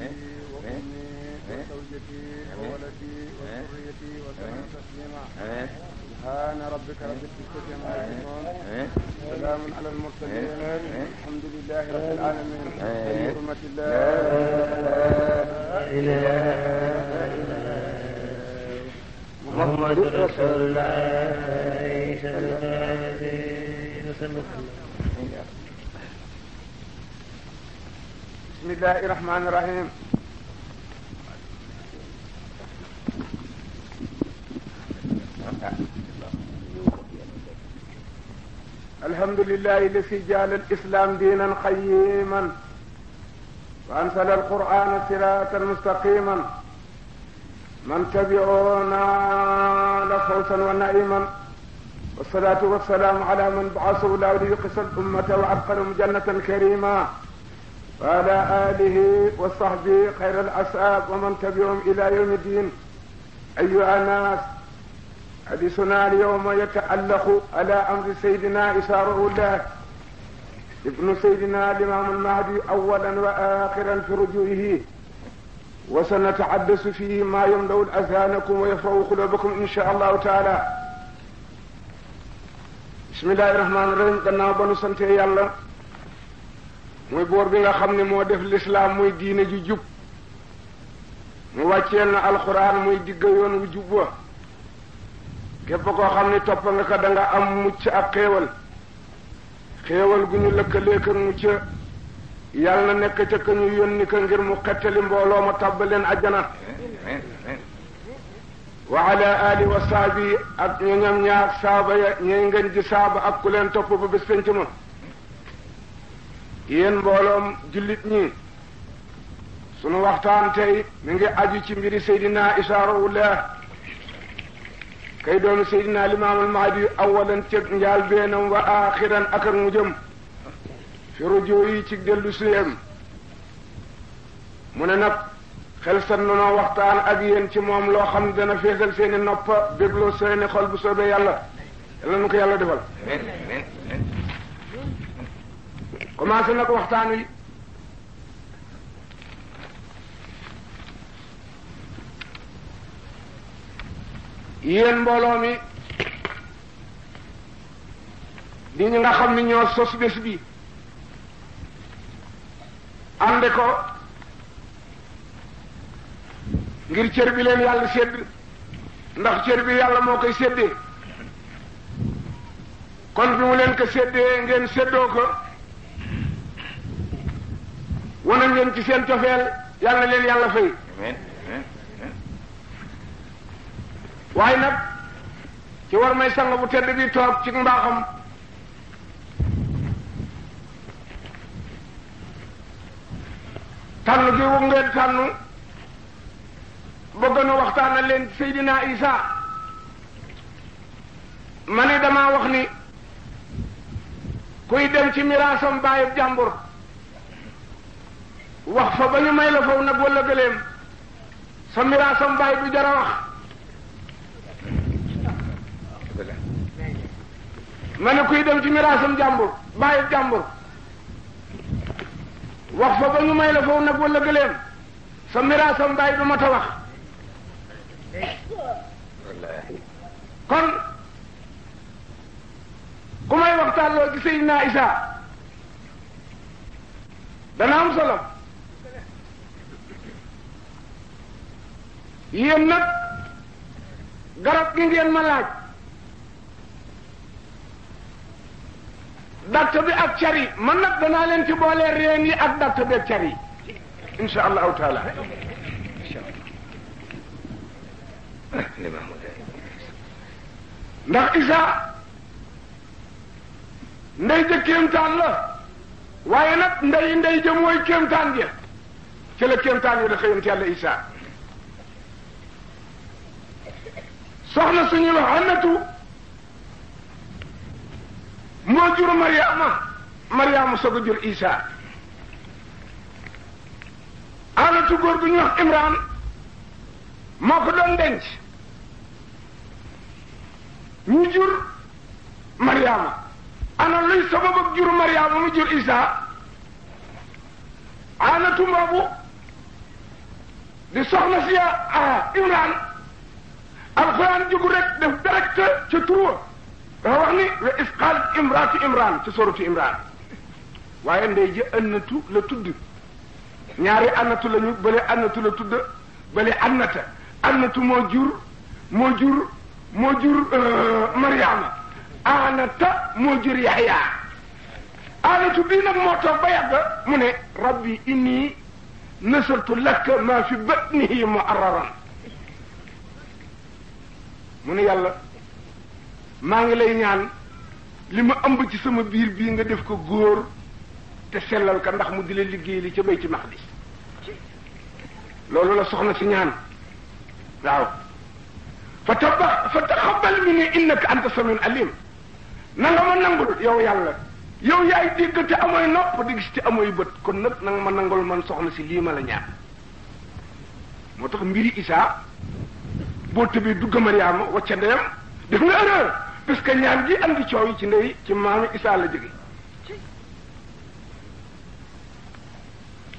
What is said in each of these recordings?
وأمي وزوجتي وولدي وذريتي وسلم تسليما سبحان ربك رب العزة عما يصفون سلام على المرسلين الحمد لله رب العالمين بحرمة الله لا إله إلا محمد رسول الله صلى الله عليه وسلم بسم الله الرحمن الرحيم الحمد لله الذي جعل الإسلام دينا قيما وأنزل القرآن صراطا مستقيما من تبعونا لفوسا ونعيما والصلاة والسلام على من بعثه لا يقص الأمة وأبقى جنة كريمة وعلى آله وصحبه خير الأصحاب ومن تبعهم إلى يوم الدين أيها الناس حديثنا اليوم يتألق على أمر سيدنا إشاره الله ابن سيدنا الإمام المهدي أولا وآخرا في رجوعه وسنتحدث فيه ما يملأ أذهانكم ويفرغ قلوبكم إن شاء الله تعالى بسم الله الرحمن الرحيم قلنا بنو سنتي يالله mooy boor bi nga xam ne moo def lislaam muy diine ji jub mu wàcceel na alxuraan muy digg yoon jub wa képp koo xam ne topp nga ko da nga am mucc ak xéewal xéewal gu ñu lëkkaleek ak mucc yàlla na nekk ca ka ñu yónni ko ngir mu xettali mbooloo ma tàbbaleen ajjana wa ala ali wa saabi ak ñoñam ñaar saaba ya ñey ngeen ji saaba ak ku leen topp ba bés penc ma yéen mbooloom jullit ñi sunu waxtaan tey mi ngi aju ci mbiri Seydina Isa Ruhullah kay doonu Seydina Limaamul Mahdi awalan cëg njaal beenam wa axiran ak ak mu jëm fi rajo yi ci dellu suyam mu ne nag xel san nonoo waxtaan ak yéen ci moom loo xam ne dana feesal seeni noppa bégloo seeni xol bu soobee yàlla yàlla nu ko yàlla defal commencé na ko waxtaan wi mbooloo mi di ñi nga xam ni ñoo sos bés bi ànd ko ngir cër bi leen yàlla sédd ndax cër bi yàlla moo koy séddee kon bi mu leen ko séddee ngeen séddoo ko wanal leen ci seen cofeel yàlla leen yàlla fay waaye nag ci war may sang bu tedd bi toog ci mbaaxam tànn gi wu ngeen tànn bëgg waxtaana leen Seydina Isa ma ni damaa wax ni kuy dem ci miraasam bàyyib jàmbur wax fa ba ñu may la faw nag wala gëleem sa miraasam bàyyi du jara wax ma kuy dem ci miraasam jàmbur bàyyi jàmbur wax fa ba may la faw nag wala gëleem sa miraasam bàyyi du mat wax kon ku may waxtaan ci Seydina Isa dana am solo yéen nag garab gi ngeen ma laaj datt bi ak car yi man nag danaa leen ci boole reen yi ak datt bi ak car yi insha allahu taala ndax isa ndey ja kéemtaan la waaye nag ndey ndey ja mooy kéemtaan ja ci la kéemtaan yi da xëyante yàlla isa soxna suñuy wax annatu moo jur mariama mariama soog a jur isa anatu góor gu ñuy wax imran ñu jur mariama ana luy sabab ak jur jur isa anatu mboobu di soxna si a ah, القران جوغ ريك ديف ديريكت تي ترو دا واخني يعني واسقال امراه عمران تي سوره عمران واي ندي جي انتو لا تود نياري انتو لا نيو بلي انتو لا تود بلي انتا انتو مو جور مو جور مو جور آه، مريم انتا مو جور يحيى انتو بينا موتو بايغ موني ربي اني نصرت لك ما في بطنه معررا mu ne yàlla maa ngi lay ñaan li ma ëmb ci sama biir bii nga def ko góor te sellal ka ndax mu di la liggéey li ca bay ci max bi loolu la soxna si ñaan waaw fa taba fa taxabal mi ne innaka anta samin alim na nga ma nangul yow yàlla yow yaay dégg te amooy nopp di gis te amoy bët kon nag na nga ma nangul man soxna si lii ma la ñaan moo tax mbiri isaa boo tëbee dugg Mariama wacca ndeyam def nga erreur parce que ñaan gi andi coow yi ci ndey ci maami Isaa la jóge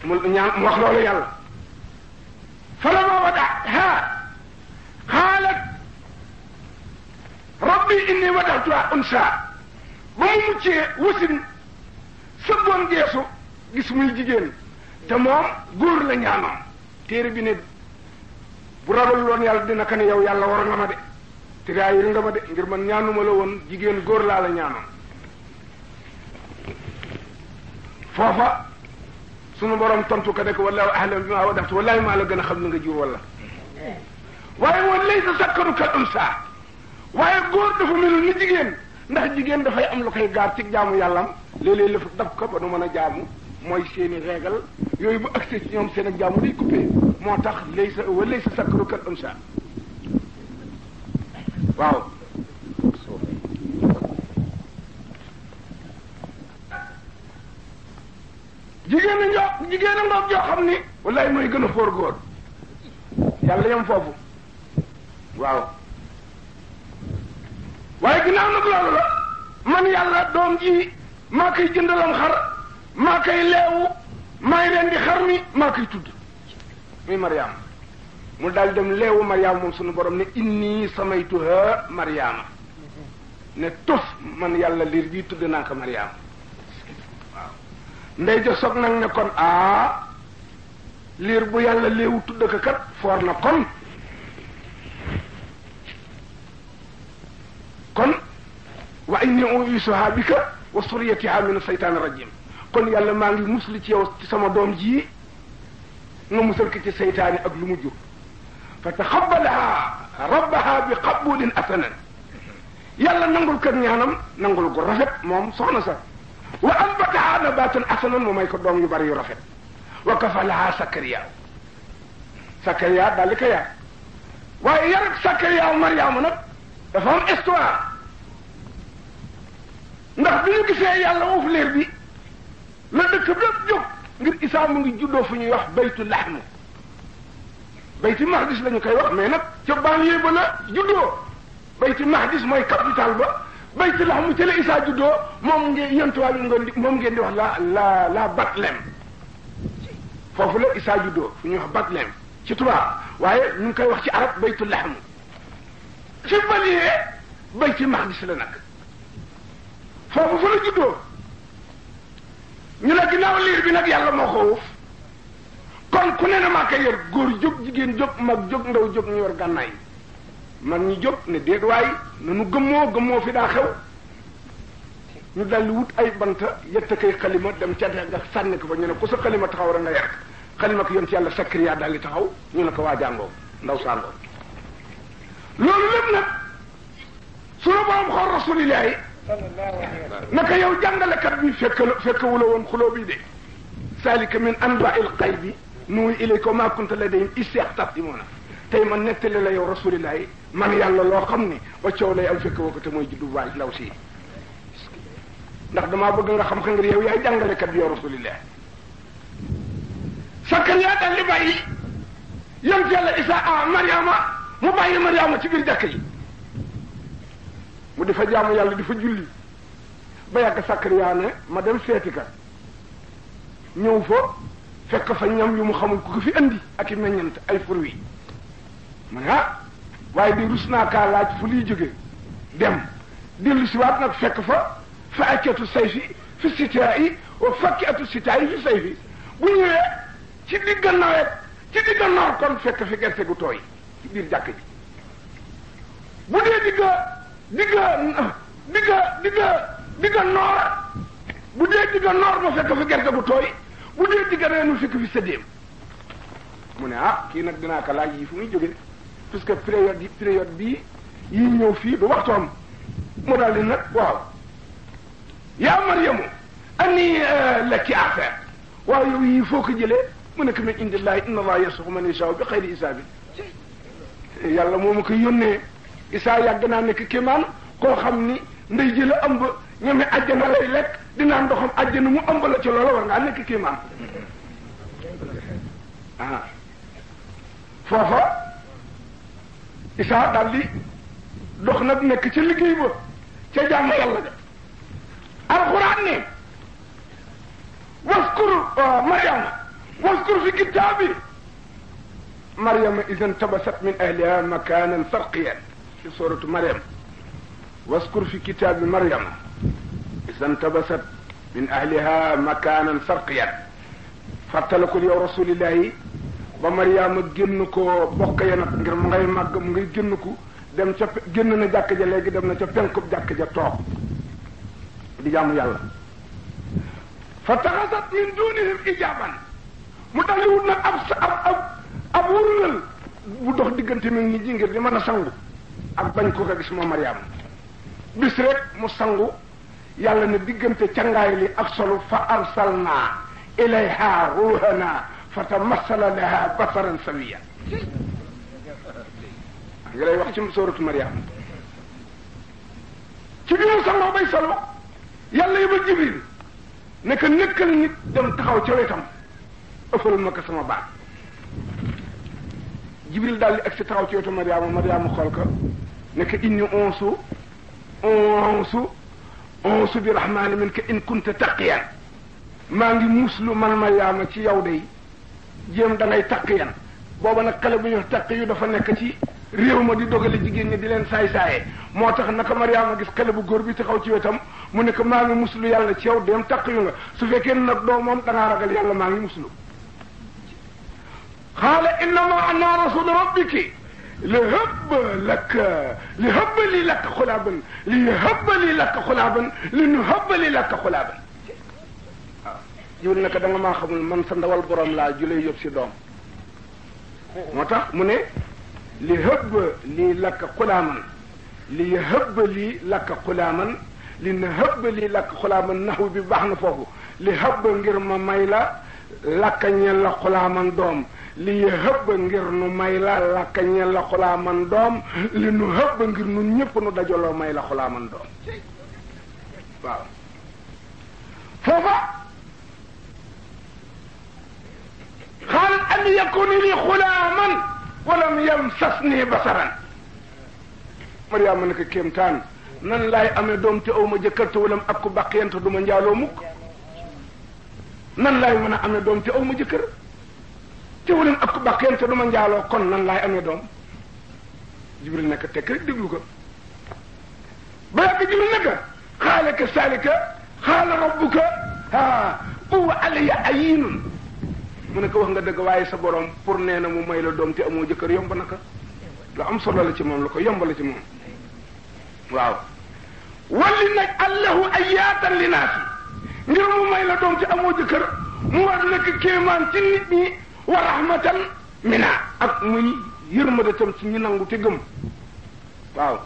mu ñaan mu wax loolu yàlla falama wadaha xaalat rabbi inni wadatuha unsa ba mu muccee wasin sëbboon geesu gis muy jigéen te moom góor la ñaanoon téere bi ne bu ragal loon yàlla dina ko ne yow yàlla war nga ma de tiraayil nga ma de ngir man ñaanuma la woon jigéen góor laa la ñaanoon foofa sunu borom tontu ko rek wallaahu ahlam bi ma wadaftu wallaahi maa la gën a xam ni nga jur walla waaye woon lay sa sakkaru kal unsa waaye góor dafa melul ni jigéen ndax jigéen dafay am lu koy gaar ci jaamu yàllam léeg-léeg lëf ko ba nu mën a jaamu mooy seeni régal yooyu bu accès ci ñoom seen ak jaamu day moo tax lay sa wa lay sa sakkaru kal am sa waaw jigéen a njoo gën a fóor góor yàlla yam foofu waaw waaye ginnaaw nag loolu la man yàlla doom ji maa koy jëndalam xar maa koy leewu maay rendi xar mi maa koy tudd muy mariam mu daal dem leewu mariama moom sunu borom ne inni samaytuha mariama ne tos man yàlla liir bii tudd naa ko mariama waaw ndey ja soog nag ne kon aa liir bu yàlla léewu tudd ko kat foor na kon kon wa inni uisuha bika wa suriyatiha min seytaan rajim kon yàlla maa ngi musli ci yow ci sama doom ji nga musal ko ci seytaane ak lu mu fa taxabbalaha rabbaha bi qabulin asanan yàlla nangul kër ñaanam nangul ko rafet moom soxna sa wa albataha nabatan asanan mu may ko doom yu bari yu rafet wa kafalaha sakariya sakariya daldi ko yar waaye yarab sakariya mariama nag dafa am histoire ndax bi ñu gisee yàlla uuf leer bi la dëkk bépp jóg ngir isaa mu ngi fu ñuy wax baytu laxmu bayti mahdis la ñu koy wax mais nag ca banlieue ba la juddoo bayti mahdis mooy capital ba bayti laxmu ca la isaa juddoo moom ngeen yentuwaay moom ngeen di wax la la la Batlem foofu la isaa juddoo fu ñuy wax Batlem ci tuba waaye ñu ngi koy wax ci arab baytu laxmu ci banlieue bayti mahdis la nag foofu fa la juddoo ñu ne ginnaaw liir bi nag yàlla moo ko kon ku ne na maa koy yor góor jóg jigéen jóg mag jóg ndaw jóg ñu yor gànnaay mag ñi jóg ne déet waay nanu gëmmoo gëmoo fi daa xew ñu daldi wut ay banta yett kay xalima dem ca nga sànni ko fa ñu ne ku sa xalima taxaw rek nga yar xalima ko yoon ci yàlla sakriya daldi taxaw ñu ne ko waa jàngoo ndaw sàngoo loolu lépp nag su la borom xool rasulillahi naka yow jàngalekat bi fekk fekkewula woon xuloo bi de salika min anba il qaybi nuy ilayka ma kunta ladayhim istaqtatimuna tey man nettali la yow rasulillah yi man yàlla loo xam ni ba coow lay am fekk woo mooy juddu waaj law si ndax damaa bëgg nga xam xam ngir yow yaay jàngalekat bi yow rasulillah Sakariya daal li bàyyi yonent yàlla Isa a ah, Mariama mu bàyyi Mariama ci biir jàkk yi mu di fa jaamu yàlla di fa julli ba yàgg Sakariya ne ma dem seeti ka ñëw fa fekk fa ñam yu mu xamul ku ko fi andi ak i meññant ay fruits ma ne ah waaye di rus naa kaa laaj fu liy jóge dem dellu si waat nag fekk fa fa accatu say fi fi sitaa yi wa fakki atu sitaa yi fi say bu ñëwee ci digg nawet noor kon fekk fi gerte gu tooy ci biir jàkk ji bu dee digg digga digga digga digga noor bu dee digga noor ma fekk fi gerte bu tooy bu dee digga reenu fekk fi sëddeem mu ne ah kii nag dinaa ko laaj yi fu muy jóge parce que période yi période bii yi ñëw fii du waxtoom mu daal di nag waaw yaa mariamu ani lakki affaire waaw yow yii foo ko jëlee mu nekk min indillahi inna allah yarsuqu man yashaa bi xayri isaabi yàlla moo ma ko yónnee isaa yàgg naa nekk ki man koo xam ni ndey ji la ëmb ñami àjjana lay lekk dinaa ndoxam àjjana mu ëmb la ci loola war ngaa nekk ki man ah foofa isaa daal di dox nag nekk ci liggéey ba ca jàmm yàlla ga alxuraan ne waskur mariama waskur fi kitaabi mariama idan tabasat min ahliha makanan sarqiyan ci suratu maryam waskur fi kitaabi maryam isantabasat min ahliha makaanan sarqiyan fàttalikul yow rasulillahi ba maryaama génn ko bokk ya nag ngir mu ngay màgg mu ngay génn ko dem ca génn na jàkk ja léegi dem na ca penkub jàkk ja toog di jaamu yàlla fataxasat min dunihim ijaban mu daldi wut nag ab sa ab ab ab wurlal bu dox diggante mi ngi ji ngir di mën a sangu ak bañ ko ko gis moom Mariam bis rek mu sangu yàlla ne diggante cangaay li ak solu fa arsalna ilayha ruhana fa tamassala laha basaran sawiya ngi lay wax ci sooratu Mariam ci biir sangoo bay solo yàlla yëbal jibril ne ko nëkkal nit dem taxaw ca wetam ëffal ma ko sama baat jibril daal di ak si taxaw ci wetu mariama mariama xool ko ne ko inni onsu onsu onsu bi rahmaani min ka in kunta taqiyan maa ngi muslu man mariama ci yow day jéem da ngay taqiyan booba nag xale bu ñu taq yu dafa nekk ci réew ma di dogale jigéen ñi di leen saay saaye moo tax naka mariama gis xale bu góor bi taxaw ci wetam mu ne ko maa ngi muslu yàlla ci yow dem taq yu nga su fekkee nag doo moom da ngaa ragal yàlla maa ngi muslu قال انما انا رسول ربك لهب لك لهب لي لك خلابا إيه؟ لهب لي لك خلابا لنهب لي لك خلابا يقول لك دنا ما خمل من سندوال بروم لا جولي يوبسي دوم متى موني لهب لي لك خلابا ليهب لي لك خلابا لنهب لي لك خلابا نهو ببحن فوه لهب غير ما مايلا لك نيل خلابا دوم lii hëbb ngir nu may la lakka ñel la xulaa man doom li nu hëbb ngir nun ñëpp nu dajaloo may la xulaa man doom waaw foofa xaal an yakuni li xulaaman walam yamsasni basaran mariama ne ko nan laay amee doom te aw ma jëkkër te walam ak ku bàqiyante du ma njaaloo mukk nan laay mën a amee doom te aw ma jëkkër teewuleen ak ku bàq yam te du ma njaaloo kon nan laay amee doom jibril naka tekk rek déglu ko ba yàgg jibril naka xaala ka saalika xaala rabbuka a uwa alaya ayinun mu ne wax nga dëgg waaye sa boroom pour nee na mu may la doom te amoo jëkkër yomb na naka lu am solo la ci moom la ko yomb la ci moom waaw walli nag allahu ayaatan li naasi ngir mu may la doom te amoo jëkkër mu war nekk kéemaan ci nit ñi wa rahmatan mina ak muy yërmandatam ci ñu nangu te gëm waaw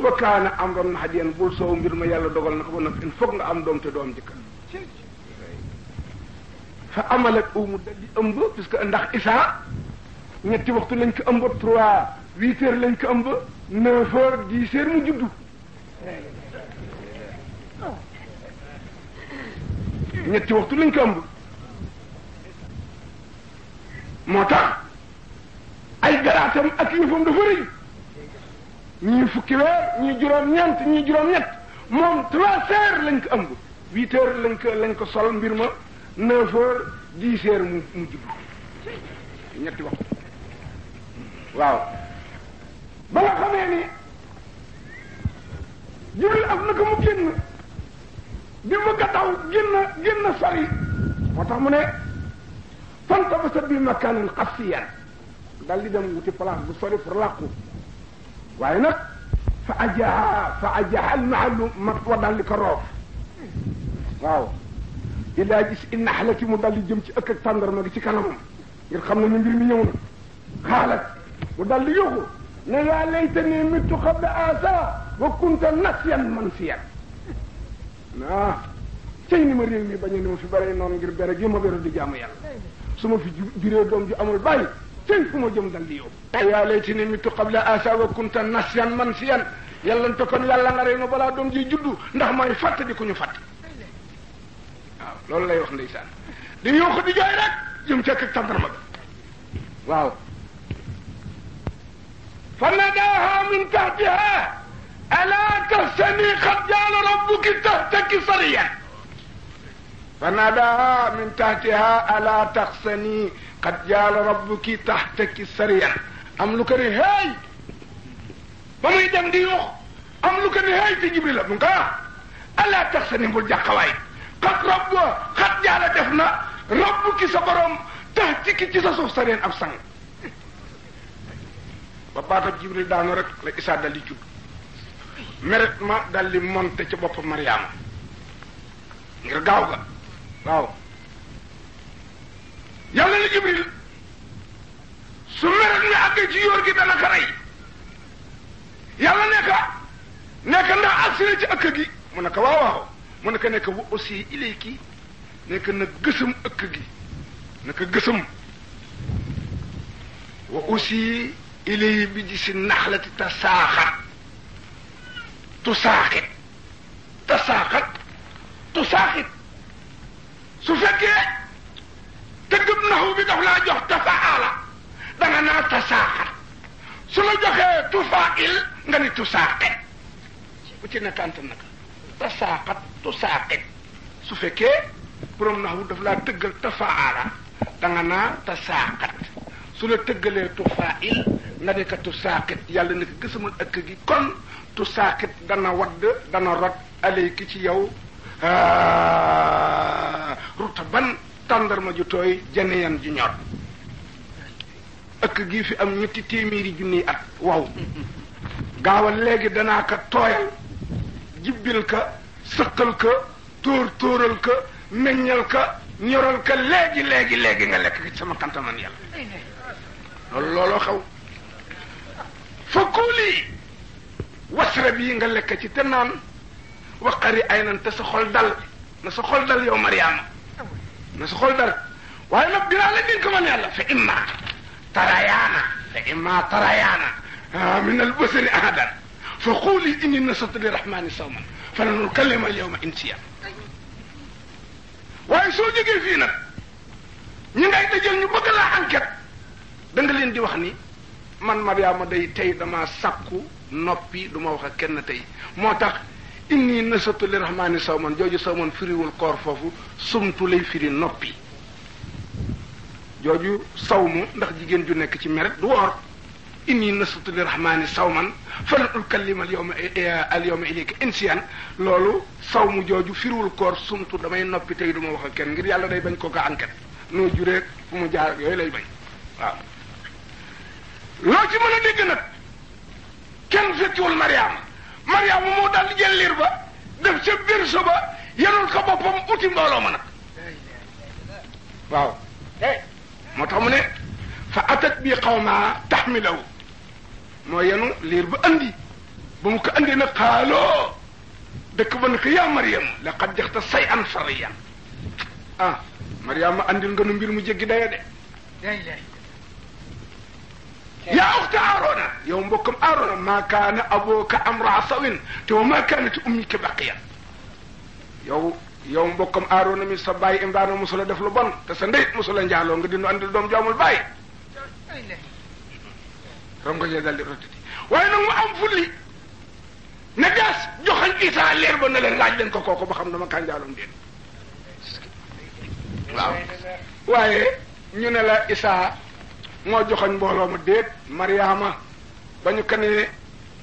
wa kaana amran mahdiyan bul soow mbir ma yàlla dogal na ko ba nag il faut am doom te doom jëkka fa amalat umu dal di ëmb puisque ndax isaa ñetti waxtu lañ ko ëmb trois huit heures lañ ko ëmb neuf heures dix heures mu juddu ñetti waxtu lañ ko ëmb moo tax ay garaatam ak yëfam dafa rëy ñii fukki weer ñii juróom-ñeent ñii juróom-ñett moom trois lañ ko ëmb huit heures lañ ko lañ ko sol mbir ma neuf heures dix heures mu mu jublu ñetti waxtu waaw ba xamee ni jibril am na mu génn di bëgg a daw génn génn sori moo tax mu ne fantabasa bi makanin xasiyan dal di dem wuti place bu sori pour làqu waaye nag fa ajaha fa ajaha almaalu mat di ko roof waaw ilaa gis i naxlati mu dal di jëm ci ëkk ak tàndarma gi ci kanamam ngir xam ne ni mbir mi ñëw na xaalat mu dal di yóku ne yaa laytani mittu qabla asa wa kunta nasiyan mansiyan ni ma réew mi bañ a ni ma fi bare noonu ngir bere gi ma beru di jaamu yàlla suma fi juree doom ju amul bàyyi tey fu ma jëm di yow tey yaa lay tini tu qabla asa wa kunta nasyan mansiyan yàlla te kon yàlla nga rey balaa doom ji juddu ndax may fàtt di ku ñu fàtt waaw loolu lay wax ndeysaan di yuuxu di joy rek jëm ca kak tandarma ma waaw fanadaha min tahtiha ala تستني قد جعل ربك تحتك فناداها من تحتها ألا تخسني قد جعل ربك تحتك السريع am lu ko ne hey ba muy dem di yuux am lu Jibril la mu ngi koy taxsani bul jàqawaay xat rabb xat jaala def na rabb ki sa borom tax ki ci sa suuf sa reen ab sang Jibril daanu la Isaa dal di jub meret ma dal di monte ci bopp Mariama ngir gaaw ga واو نعم. يالا جبريل سمير لي اك جي يور كي دانا خري يالا نيكا نيكا نا اسري جي اك جي منك واو واو منك نيكا اوسي اليكي نيكا نا گسم اك جي نيكا گسم واوسي الي بيجي النحله تساخر تساخر تساخر تساخر su fekkee tëggum naxu bi daf laa jox tafaala danga naa tasaaxal su la joxee tufail nga ni tusaaqit bu ci nekkante naka tasaaqat tusaaqit su fekkee bu naxu daf laa tëggal tafaala danga naa tasaaqat la tëggalee tufail nga tusaaqit yàlla ne ko gisamal ëkk gi kon tusaaqit dana wadd dana rot aleyki ci yow ruta ban tàndarma ju tooy janiyan ju ñor ëkk gi fi am ñetti téeméeri junniy at waaw gaawal léegi danaa ko tooyal jibbil ka sëqal ka tóor tóoral ka meññal ka ñoral ka léegi léegi léegi nga lekk ci sama kantaman yàlla loolu looloo xaw fa kuuli wasra bii nga lekk ci te naan waqari ay nan te sa xol dal na sa xol dal yow mariama na sa xol dal waaye nag dinaa la dénk man yàlla fa imma tarayaana fa imma tarayaana min al basari ahadan fa quli inni nasatu lirahmani sawman fala nukallima al yawma insiya waaye soo jógee fii nag ñi ngay dajal ñu bëgg laa enquête da nga leen di wax ni man mariama day tey dama sàkku noppi du ma wax ak kenn tey moo tax inni nasatu li rahmaani sawman jooju sawman firiwul koor foofu sumtu lay firi noppi jooju sawmu ndax jigéen ju nekk ci meret du woor inni nasatu li rahmaani sawman falan ukallima al yawma eh, al yawma ilayka insiyan loolu sawmu jooju firiwul koor sumtu damay noppi tey duma wax a kenn ngir yàlla day bañ koo ko enquête noo jureeg fu mu jaar yooyu lay bañ waaw loo ci mën a dégg nag kenn fekkiwul mariama Mariama moo daal di jël liir ba def ca biir ba yenul ko boppam uti mbooloo ma nag waaw eh, moo tax mu ne fa atat bi xawma taxmilawu moo yenu liir ba andi ba mu ko andi na xaaloo dëkk ba ne ko yaa Mariam laqad jaxta say an fariyan ah nga nu mu jéggi daya de yaa uxta يوم بكم أر ما كان أبوك أمر عصو تو ما كانت أمك بقية يوم يوم بكم أر نمي صباي إن بانو مسلا دفلو بان تسندي مسلا نجالو نجد نو أندل دوم جامل باي رمغ يدال لرددي وين أم أم فلي نجاس جوخن إيسا لير بنا لرلاج لن كوكو كو بخم نمان كان جالو مدين waaye ñu ne la isa moo joxoñ mbooloo ma déet mariama bañu ñu kan ne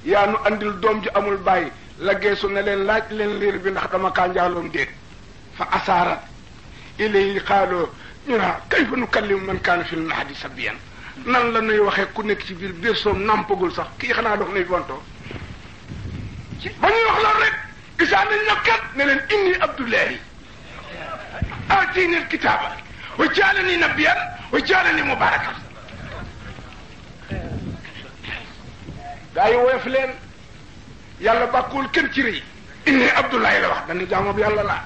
yaa nu andil doom ji amul bàyyi la geesu ne leen laaj leen liir bi ndax dama kaa njaaloom déet fa asaara ilayhi xaaloo ñu naa kay fa nu kallimu man kaana fil mahdi sabiyan nan la nuy waxee ku nekk ci biir biir soom nàmpagul sax kii xanaa dox nuy bontoo ba ñuy wax loolu rek isaa nañ kat ne leen inni abdullahi aatini alkitaaba wa jaalani nabiyan wa jaalani mubarakan gaa woyof leen yàlla bàkkuwul kenn ci rëy inni abdullahi la wax dañu jaamob yàlla la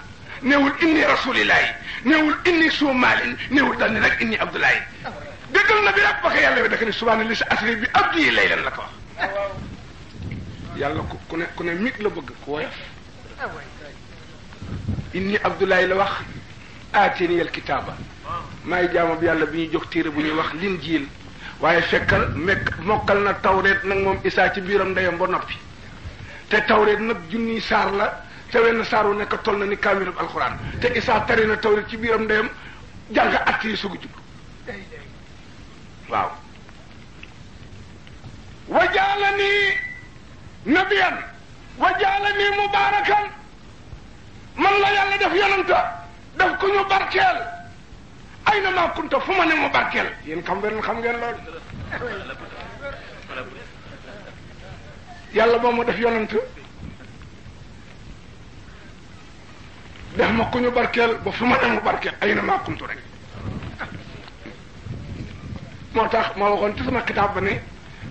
néewul inni rasulillahi néewul inni suumaalin néewul dañ ne nag inni abdullahi dëggal na bi rek ba ko yàlla bi daka ni subhaana li si asri bi abdi yi lay leen la ko wax yàlla ku ku ne ku ne mit la bëgg ku woyof inni abdullahi la wax aatini al kitaaba maay jaamob yàlla bi ñuy jox téere bu ñuy wax linjiil waaye fekkal mekk mokkal na tawreet nag moom isaa ci biiram ndeyam ba noppi te tawreet nag junniy saar la te wenn saar wu nekk toll na ni kaamilub alxuraan te isaa tari na tawreet ci biiram ndeyam jàng at yi sugu jub waaw wajaala nii nabiyan wajaala nii mubaarakan man la yàlla def yonanta daf ku ñu barkeel اينما كنت فما نمو باركل يين كام بيرن خام غين لول يالا مومو داف يوننت داف ما كونو باركل با فما نمو باركل اينما كنت رك موتاخ ما وخون تسما كتاب بني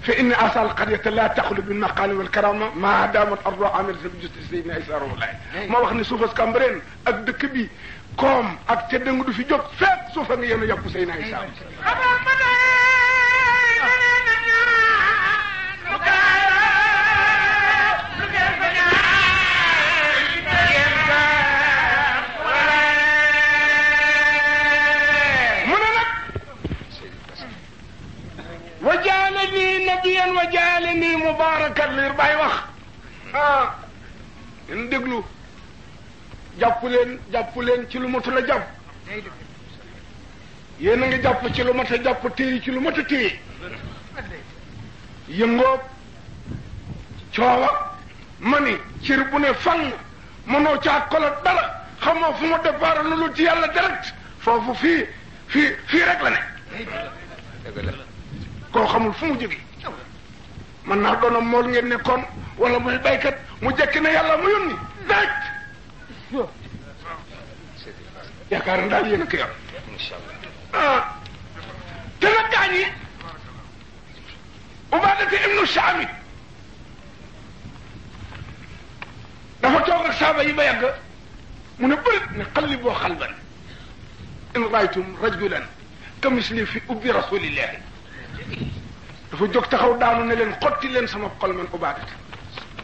فإن أصل القرية لا تخلو من مقال والكرامة ما دامت الرعامل في جسد سيدنا إسرائيل ما وخني سوفس كامبرين أدك بي koom ak ca dëng du fi jóg fépp suufa nga yéen a yàpp say naay saam wajaalani nabiyan wajaalani mubaarakan liir bay wax ah déglu jàpp leen jàpp leen ci lu matul a jàpp yéen ngi jàpp ci lu mat a jàpp téye ci lu mat a téye yëngoo coowa ma ni cir bu ne fang mënoo caa kola dara xamoo fu mu départ lu lu ci yàlla direct foofu fii fii fii rek la ne koo xamul fu mu jógee mën naa doona mool ngeen nekkoon wala muy baykat mu jekki ne yàlla mu yónni direct يا كارنا بيك يا ان شاء الله آه. تمتعني وبعدك ابن الشعبي دفا توغ الشعب يبا يق من بل نقلب خلبا ان رايتم رجلا كمثلي في اب رسول الله دفا جوك تخاو دانو نلن قتلن سما قلمن وبعدك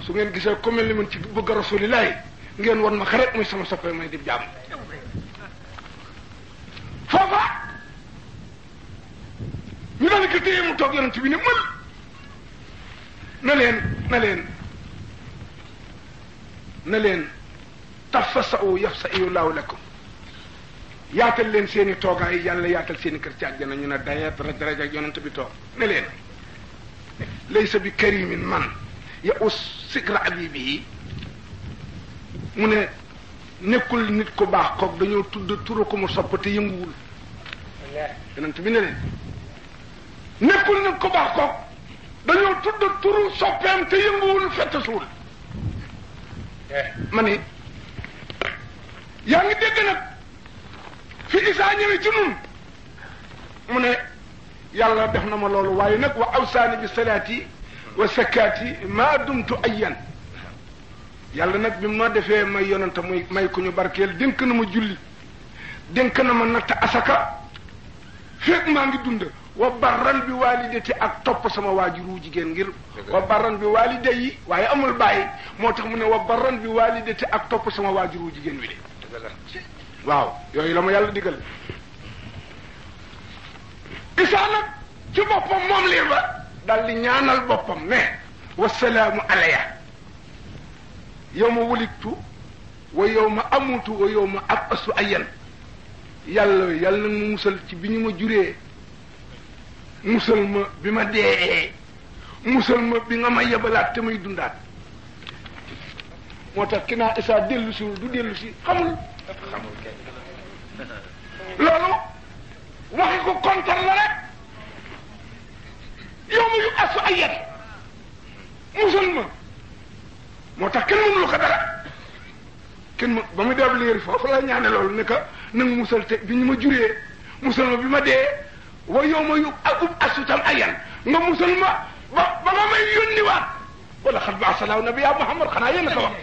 سو نين غيسه كوم لي من تي بوغ رسول الله ngeen won ma xarit muy sama soppe may di jaam foofa ñu dal ko téye mu toog yonent bi ne mën na leen na leen na leen tafasaw yafsa'u laahu lakum yaatal leen seen i toogaay yàlla yaatal seen i kër ci àjjana ñu ne dayeet daraja ak yonent bi toog ne leen laysa bi karimin man ya us sigra abibihi mu ne nekkul nit ku baax kook dañoo tudd turu ko mu sopp te yënguwul yonent bi ne leen nekkul nit ku baax kook dañoo tudd turu soppeem te yënguwul fettasuwul ma ni yaa ngi dégg nag fi isaa ñëwee ci nun mu ne yàlla def na ma loolu waaye nag wa awsaani bi salaati wa sakaati maa dumtu ayyan yàlla nag bi ma noo defee may yonanta muy may ku ñu barkeel dénk na ma julli dénk na ma natt asaka fekk maa ngi dund wa barran bi waalidati ak topp sama waajuru jigéen ngir wa barran bi waalida waaye amul bàyyi moo tax mu ne wa barran bi waalidati ak topp sama waajuru jigéen wi de waaw yooyu la ma yàlla digal isaa nag ci boppam moom liir ba dal di ñaanal boppam ne wasalaamu alaya yow ma wulittu wa yow ma amutu wa yow ma ab asu ayan yàlla yàlla na ma musal ci bi ñu ma juree musal ma bi ma dee musal ma bi nga ma yebalaat te may dundaat moo tax ki naa isaa dellu si du dellu xamul loolu waxi ko kontar la rek yow ma yu asu ayan musal ma moo tax kenn mënulu ko dara mu ba mu dab liir foofu la ñaane loolu ne que nangu musal bi ñu ma juree mu ma bi ma dee wa yow ma yu ub asutan ayan nga mu ma ba ba ma may yónniwaat wala xat ba asalaaw nabi yaa Muhammad xanaa yéen a ko wax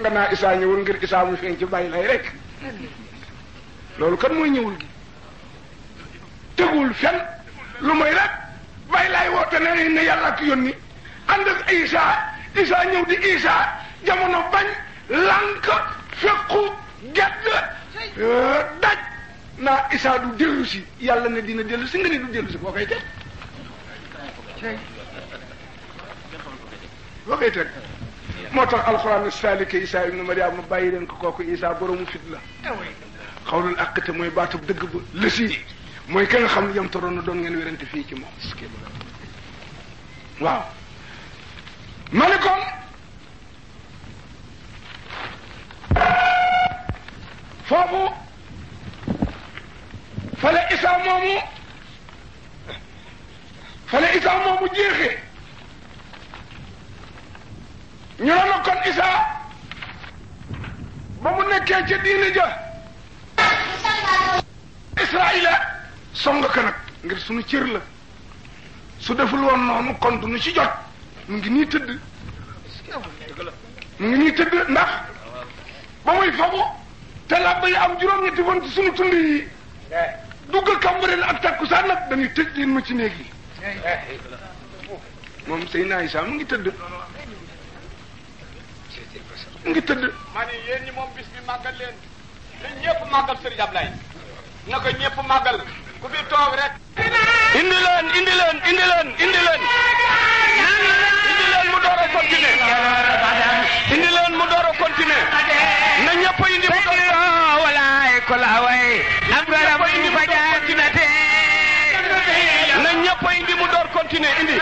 nga naa isaa ñëwul ngir isaa mu feeñ ci bàyyi lay rek loolu kan mooy ñëwul gi tegul fen lu mooy rek bàyyi laay woote ne ne yàlla ak yónni ànd ak isaa isa ñew di isa jamono bañ lank fekku gedd euh, daj na isa du delu ci yalla ne dina delu ci nga ni du delu ci bokay koy bokay boo motax alquran salik isa ibnu maryam nu bàyyi ko koku isa borom fit la xawlul àq te mooy baatub dëgg ba lësi mooy ka nga xam yam torono don ngeen werante fi ci mom waaw ma ne kon foofu fale isaa moomu fale isaa moomu jeexee ñu ne kon isaa ba mu nekkee ca diine ja israila song ka nag ngir sunu cër la su deful woon noonu kon nu ci jot mu ngi nii tëdd mu ngi nii tëdd ndax ba muy fagu te làbba am juróom-ñetti fan ci sunu tund yi dugg kambareel ak takkusaan nag dañuy tëj leen ma ci néeg yi moom sëy naa Isaa mu ngi tëdd mu ngi tëdd ma ne yéen ñi moom bis bi màggal leen na ñëpp màggal Sëriñ Ablaye na ko ñëpp màggal ku fi toog rek indi leen indi leen indi leen indi leen indi leen mu door a continuer indi leen mu door a continuer na ñëpp indi mu door a continuer indi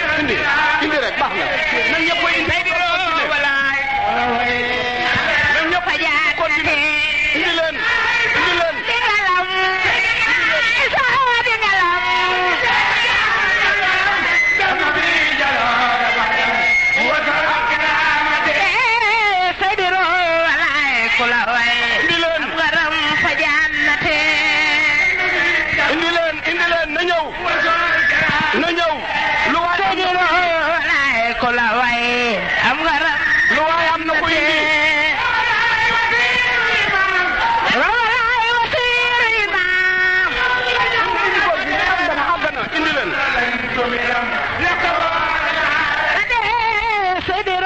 Say it.